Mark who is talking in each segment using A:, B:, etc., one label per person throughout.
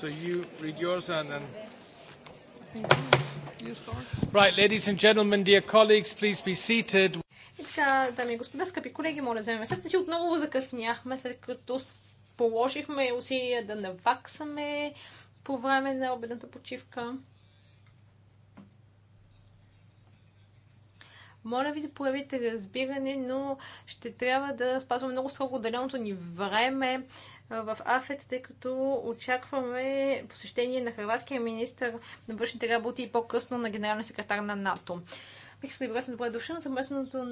A: So you read yours and then. Right, ladies and gentlemen, dear colleagues, please be seated.
B: И така, дами и господа, скъпи колеги, моля, вземем местата си. Отново закъсняхме, след като положихме усилия да наваксаме по време на обедната почивка. Моля ви да проявите разбиране, но ще трябва да спазваме много строго отделеното ни време в АФЕТ, тъй като очакваме посещение на хрватския министр на външните работи и по-късно на генералния секретар на НАТО. Бих искала да ви добре дошъл на съвместното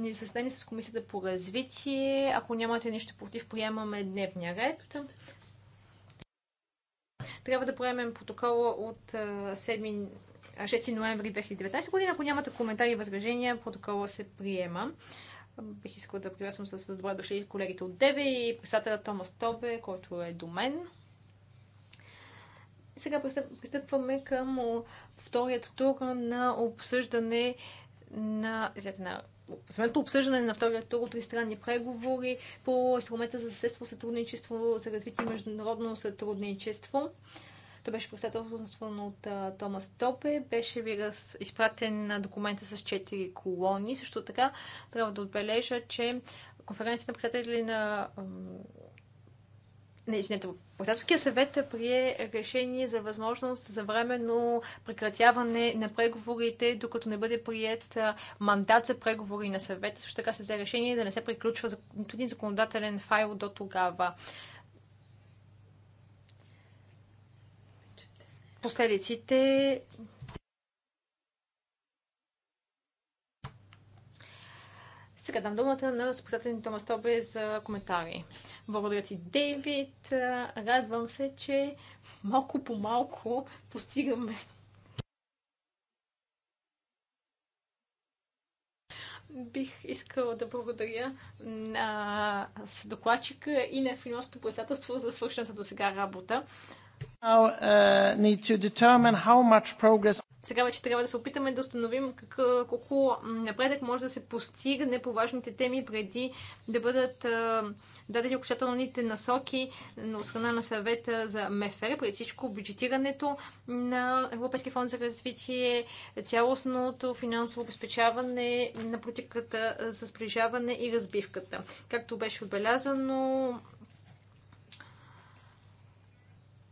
B: ни заседание с Комисията по развитие. Ако нямате нищо против, приемаме дневния ред. Трябва да приемем протокола от 6 ноември 2019 година. Ако нямате коментари и възражения, протокола се приема. Бих искала да приветствам с добре дошли колегите от Деве и писателя Томас Тобе, който е до мен. Сега пристъпваме към вторият тур на обсъждане на, на Самото обсъждане на втория тур от тристранни преговори по инструмента за съседство, сътрудничество, за развитие и международно сътрудничество. То беше председателствано от а, Томас Топе. Беше ви раз... изпратен на документа с 4 колони. Също така трябва да отбележа, че конференцията на председатели на не, извинете, Председателския съвет прие решение за възможност за временно прекратяване на преговорите, докато не бъде прият мандат за преговори на съвета. Също така се взе решение да не се приключва нито един законодателен файл до тогава. последиците Сега дам думата на разпитателни Томас Тобе за коментари. Благодаря ти, Дейвид. Радвам се, че малко по малко постигаме бих искала да благодаря на докладчика и на финансовото председателство за свършената до сега работа.
A: Uh,
B: Сега вече трябва да се опитаме да установим колко напредък може да се постигне по важните теми преди да бъдат дадени окончателните насоки на страна на съвета за МФР, преди всичко бюджетирането на Европейския фонд за развитие, цялостното финансово обезпечаване на политиката за сближаване и разбивката. Както беше отбелязано,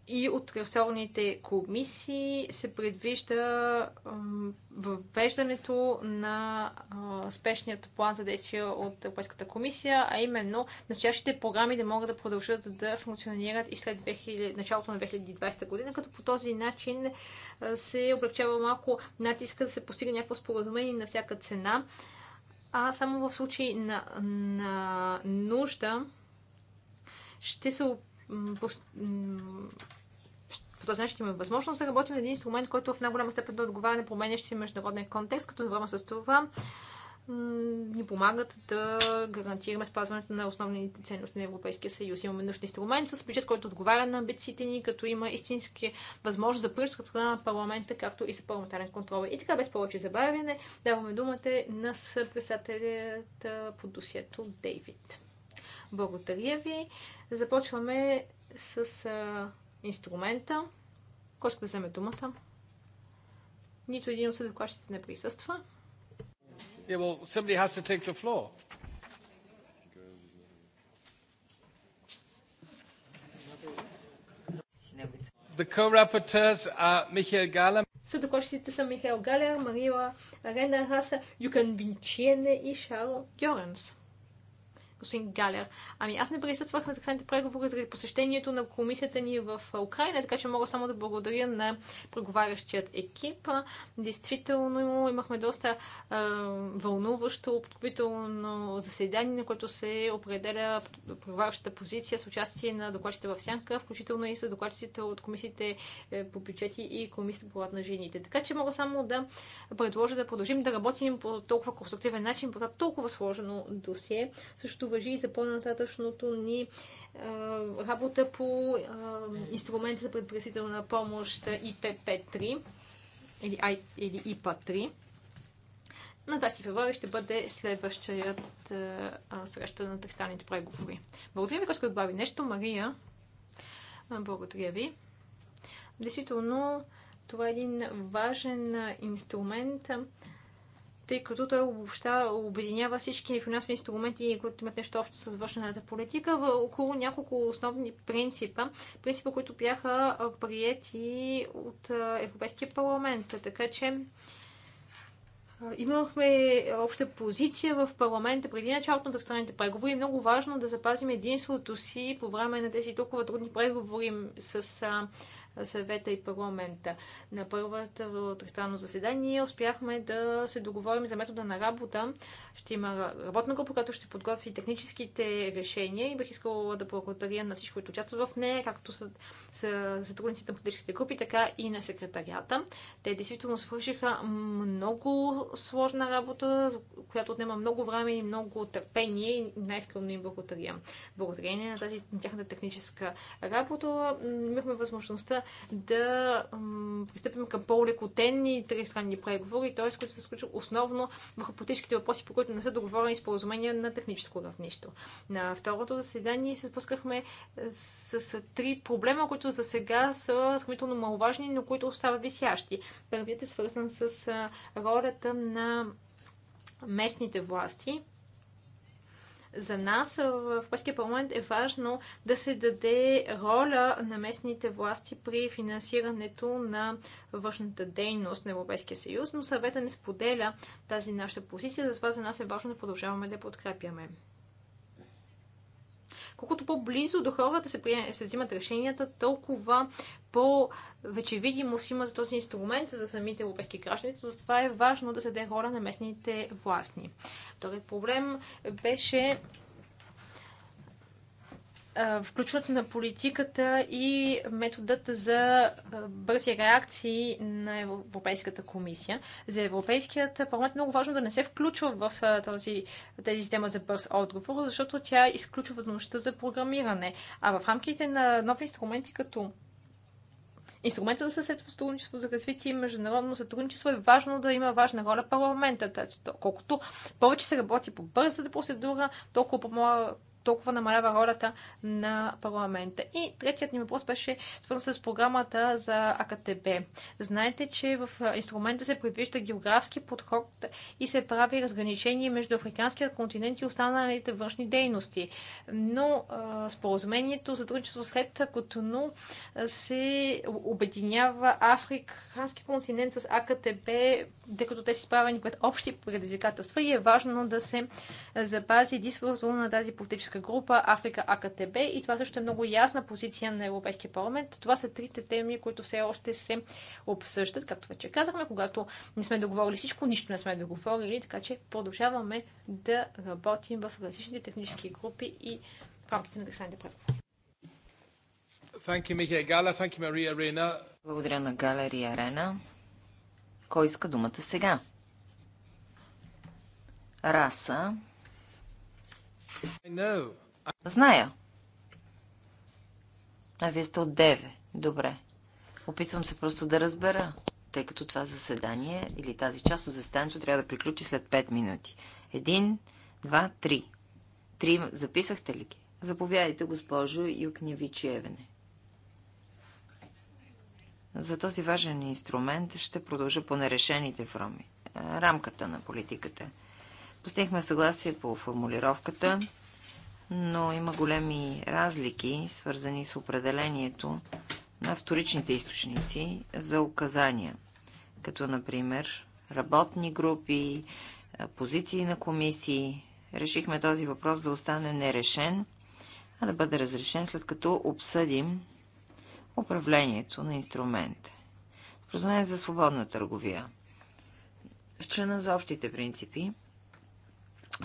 B: и от ресорните комисии се предвижда въвеждането на спешният план за действие от Европейската комисия, а именно настоящите програми да могат да продължат да функционират и след 2000, началото на 2020 година, като по този начин се облегчава малко натиска да се постигне някакво споразумение на всяка цена, а само в случай на, на нужда ще се опитаме по, този начин имаме възможност да работим на един инструмент, който в най-голяма степен да отговаря на променящи се международен контекст, като време с това ни помагат да гарантираме спазването на основните ценности на Европейския съюз. Имаме нужен инструмент с бюджет, който отговаря на амбициите ни, като има истински възможност за принос от страна на парламента, както и за парламентарен контрол. И така, без повече забавяне, даваме думата на съпредседателят по досието Дейвид. Благодаря ви. Започваме с а, инструмента. Кой ще да вземе думата? Нито един от съдъкващите не присъства. Yeah, well, somebody has to take the floor.
A: The co-rapporteurs are Michael
B: са Михаил Галер, Марила Рена Раса, Юкан Винчиене и Шарл Гьоренс господин Галер. Ами аз не присъствах на таксаните преговори заради посещението на комисията ни в Украина, така че мога само да благодаря на преговарящият екип. Действително имахме доста е, вълнуващо, подковително заседание, на което се определя преговарящата позиция с участие на докладчите в Сянка, включително и с докладчите от комисиите е, по бюджети и комисията по на жените. Така че мога само да предложа да продължим да работим по толкова конструктивен начин, по това толкова сложено досие. Също въжи и за по-нататъчното ни работа по инструмента за предпресителна помощ ип 3 или, или ИПА-3. На 20 февруари ще бъде следващият среща на тристранните преговори. Благодаря ви, ако ще добави нещо. Мария, благодаря ви. Действително, това е един важен инструмент, тъй като той обобща, обединява всички финансови инструменти, които имат нещо общо с външната политика, в около няколко основни принципа, принципа, които бяха приети от Европейския парламент. Така че имахме обща позиция в парламента преди началото на тристранните преговори. Е много важно да запазим единството си по време на тези толкова трудни преговори с съвета и парламента. На първото тристранно заседание успяхме да се договорим за метода на работа. Ще има работна група, която ще подготви техническите решения и бих искала да благодаря на всички, които участват в нея, както са сътрудниците на политическите групи, така и на секретарията. Те действително свършиха много сложна работа, която отнема много време и много търпение и най скълно им благодаря. Благодарение на тази тяхната техническа работа имахме възможността да пристъпим към по-лекотенни тристранни преговори, т.е. които се случват основно върху политическите въпроси, по които не са договорени споразумения на техническо равнище. На второто заседание се спускахме с, с, с три проблема, които които за сега са сравнително маловажни, но които остават висящи. Първият е свързан с ролята на местните власти. За нас в Европейския парламент е важно да се даде роля на местните власти при финансирането на външната дейност на Европейския съюз, но съвета не споделя тази наша позиция, затова за нас е важно да продължаваме да подкрепяме колкото по-близо до хората се, прием, се взимат решенията, толкова повече видимост има за този инструмент за самите европейски граждани. Затова е важно да се даде роля на местните властни. Вторият проблем беше включват на политиката и методът за бързи реакции на Европейската комисия. За Европейският парламент е много важно да не се включва в този, тази система за бърз отговор, защото тя изключва възможността за програмиране. А в рамките на нови инструменти като инструмента за съседство, сътрудничество за развитие и международно сътрудничество е важно да има важна роля парламента. Колкото повече се работи по бързата процедура, толкова толкова намалява ролята на парламента. И третият ни въпрос беше свързан с програмата за АКТБ. Знаете, че в инструмента се предвижда географски подход и се прави разграничение между африканския континент и останалите външни дейности. Но а, споразумението за трудничество след Котону се обединява африкански континент с АКТБ, тъй като те са изправени пред общи предизвикателства и е важно да се запази единството на тази политическа политическа група Африка АКТБ и това също е много ясна позиция на Европейския парламент. Това са трите теми, които все още се обсъждат, както вече казахме, когато не сме договорили всичко, нищо не сме договорили, така че продължаваме да работим в различните технически групи и в рамките на тристранните
A: преговори. Благодаря на Галерия Арена. Кой иска думата сега? Раса. Зная. А вие сте от Деве. Добре. Опитвам се просто да разбера, тъй като това заседание или тази част от заседанието трябва да приключи след 5 минути. Един, два, три. Три записахте ли ги? Заповядайте, госпожо Евене. За този важен инструмент ще продължа по нерешените форми. Рамката на политиката – Постигнахме съгласие по формулировката, но има големи разлики, свързани с определението на вторичните източници за указания, като например работни групи, позиции на комисии. Решихме този въпрос да остане нерешен, а да бъде разрешен след като обсъдим управлението на инструмента. Споразумение за свободна търговия. В члена за общите принципи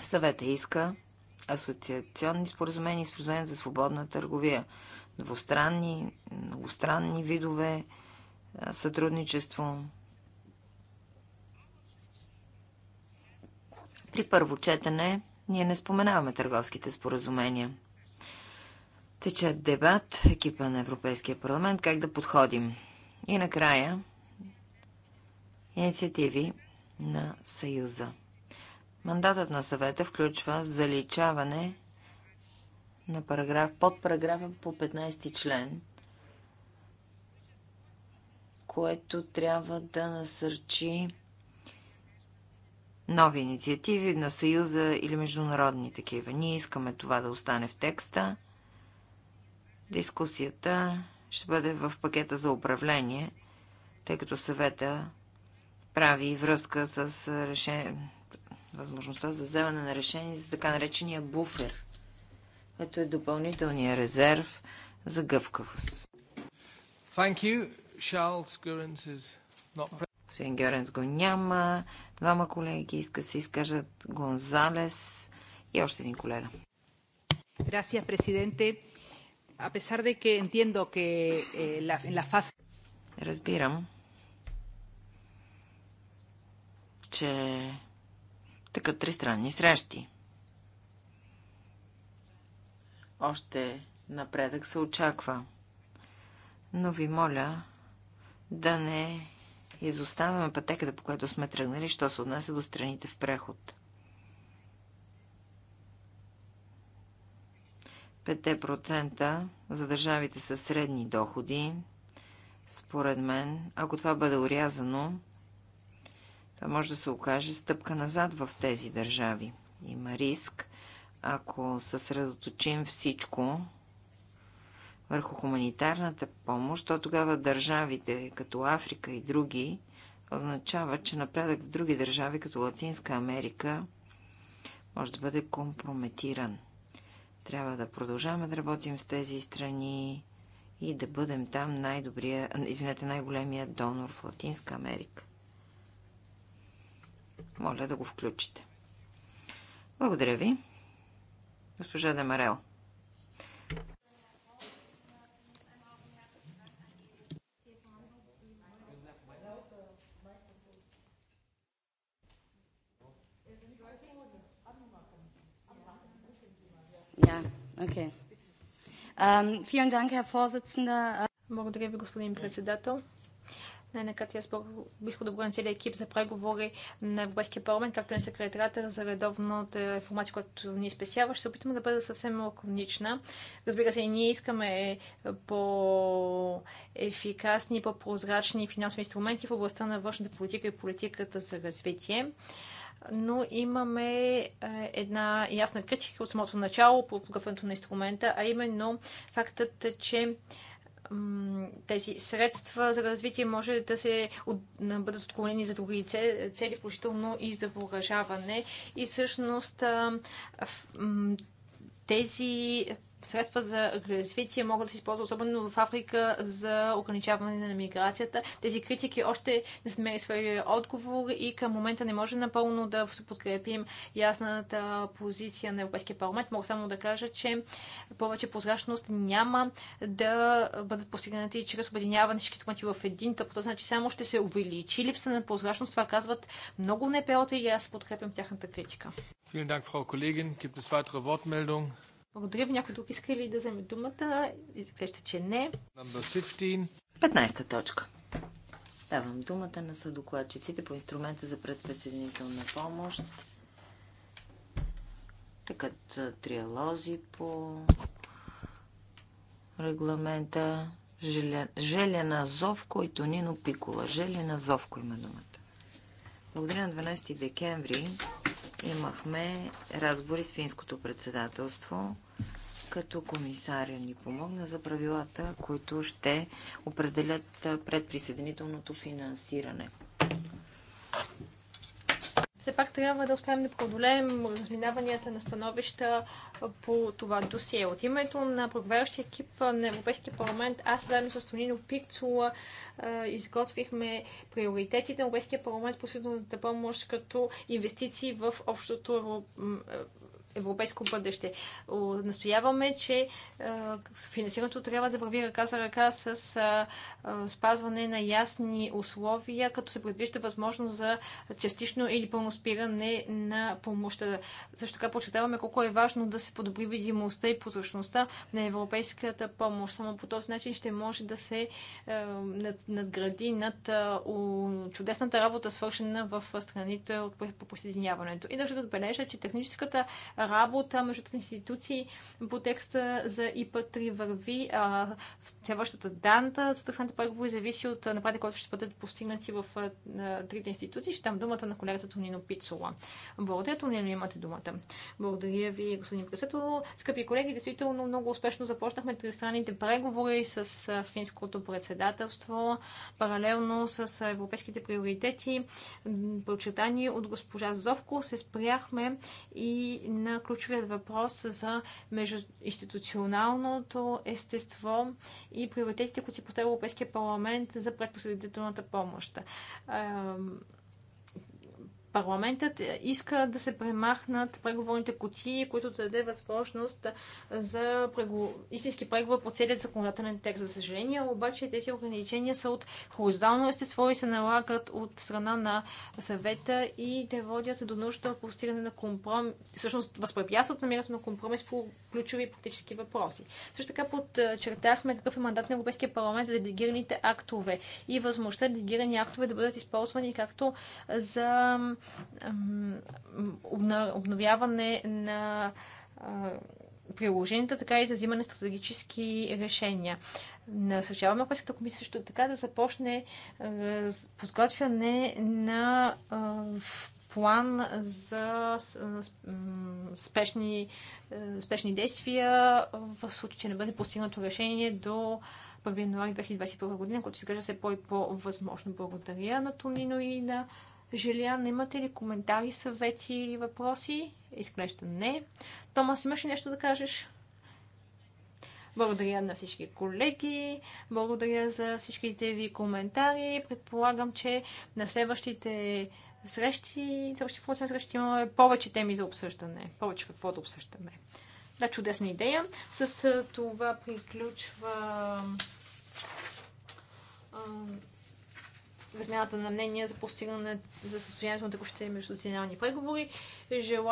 A: Съвета иска асоциационни споразумения и споразумения за свободна търговия, двустранни, многостранни видове, сътрудничество. При първо четене ние не споменаваме търговските споразумения. Тече дебат в екипа на Европейския парламент как да подходим. И накрая инициативи на Съюза. Мандатът на съвета включва заличаване на параграф, под параграфа по 15 член, което трябва да насърчи нови инициативи на Съюза или международни такива. Ние искаме това да остане в текста. Дискусията ще бъде в пакета за управление, тъй като съвета прави връзка с решение възможността за вземане на решение за така наречения буфер, което е допълнителния резерв за гъвкавост. Господин Геренс го няма. Двама колеги иска се изкажат Гонзалес и още един колега.
B: Gracias, presidente. A pesar de que entiendo que eh, en la fase...
A: Разбирам, че така тристранни срещи. Още напредък се очаква. Но ви моля да не изоставяме пътеката, по която сме тръгнали, що се отнася до страните в преход. процента за държавите със средни доходи, според мен, ако това бъде урязано, това може да се окаже стъпка назад в тези държави. Има риск, ако съсредоточим всичко върху хуманитарната помощ, то тогава държавите като Африка и други означава, че напредък в други държави като Латинска Америка може да бъде компрометиран. Трябва да продължаваме да работим с тези страни и да бъдем там най-добрия, извинете, най-големия донор в Латинска Америка. Моля да го включите. Благодаря ви. Госпожа Демарел.
B: Ähm, Благодаря ви, господин председател. Най-накрая аз бих да благодаря на целият екип за преговори на Европейския парламент, както на секретарята за редовната информация, която ни спесява. Ще се опитаме да бъда съвсем лаконична. Разбира се, и ние искаме по-ефикасни, по-прозрачни финансови инструменти в областта на външната политика и политиката за развитие но имаме е, една ясна критика от самото начало по подготвянето на инструмента, а именно фактът, че тези средства за развитие може да се от, бъдат отклонени за други цели, включително и за въоръжаване. И всъщност тези средства за развитие могат да се използват, особено в Африка, за ограничаване на миграцията. Тези критики още не сме свои своя отговор и към момента не може напълно да подкрепим ясната позиция на Европейския парламент. Мога само да кажа, че повече прозрачност няма да бъдат постигнати чрез обединяване всички документи в един. тъп, този значи само ще се увеличи липса на прозрачност. Това казват много НПО-та и аз подкрепям тяхната критика.
A: Vielen Dank, Frau Kollegin. Gibt es weitere Wortmeldungen?
B: Благодаря ви. Някой друг иска ли да вземе думата? Изглежда, че не.
A: 15 точка. Давам думата на съдокладчиците по инструмента за предпресъединителна помощ. Така триалози по регламента Желя... Желена Зовко и Тонино Пикола. Желена Зовко има думата. Благодаря на 12 декември имахме разговори с финското председателство, като комисаря ни помогна за правилата, които ще определят предприсъединителното финансиране –
B: все пак трябва да успеем да преодолеем разминаванията на становища по това досие. От името на проверящия екип на Европейския парламент, аз заедно с Тонино Пикцула изготвихме приоритетите на Европейския парламент с посредната помощ като инвестиции в общото европейско бъдеще. Настояваме, че е, финансирането трябва да върви ръка за ръка с е, е, спазване на ясни условия, като се предвижда възможност за частично или пълно спиране на помощта. Също така почетаваме колко е важно да се подобри видимостта и прозрачността на европейската помощ. Само по този начин ще може да се надгради над чудесната работа, свършена в страните от присъединяването. И държа да отбележа, че техническата работа между институции по текста за ИП-3 върви. в следващата данта за търсените преговори зависи от напредък, който ще бъдат постигнати в трите институции. Ще дам думата на колегата Тонино Пицола. Благодаря, Тонино, имате думата. Благодаря ви, господин председател. Скъпи колеги, действително много успешно започнахме тристранните преговори с финското председателство, паралелно с европейските приоритети, подчертани от госпожа Зовко, се спряхме и на на ключовият въпрос за междуинституционалното естество и приоритетите, които си поставя Европейския парламент за предпоследителната помощ. Парламентът иска да се премахнат преговорните кутии, които да даде възможност за прегу... истински преговор по целия законодателен текст. За съжаление, обаче тези ограничения са от хоризонтално естество и се налагат от страна на съвета и те водят до нужда от постигане на компромис, всъщност възпрепятстват намирането на компромис по ключови политически въпроси. Също така подчертахме какъв е мандат на Европейския парламент за делегираните актове и възможността делегирани актове да бъдат използвани както за обновяване на приложенията, така и за взимане стратегически решения. Насърчаваме Европейската комисия също така да започне подготвяне на план за спешни, спешни действия в случай, че не бъде постигнато решение до 1 януари 2021 година, което изглежда се по- и по-възможно. Благодаря на Тонино и на Желян, имате ли коментари, съвети или въпроси? Изглежда не. Томас, имаш ли нещо да кажеш? Благодаря на всички колеги, благодаря за всичките ви коментари. Предполагам, че на следващите срещи, следващите срещи имаме повече теми за обсъждане, повече какво да обсъждаме. Да, чудесна идея. С това приключва размяната на мнения за постигане за състоянието на текущите междунационални преговори. Желая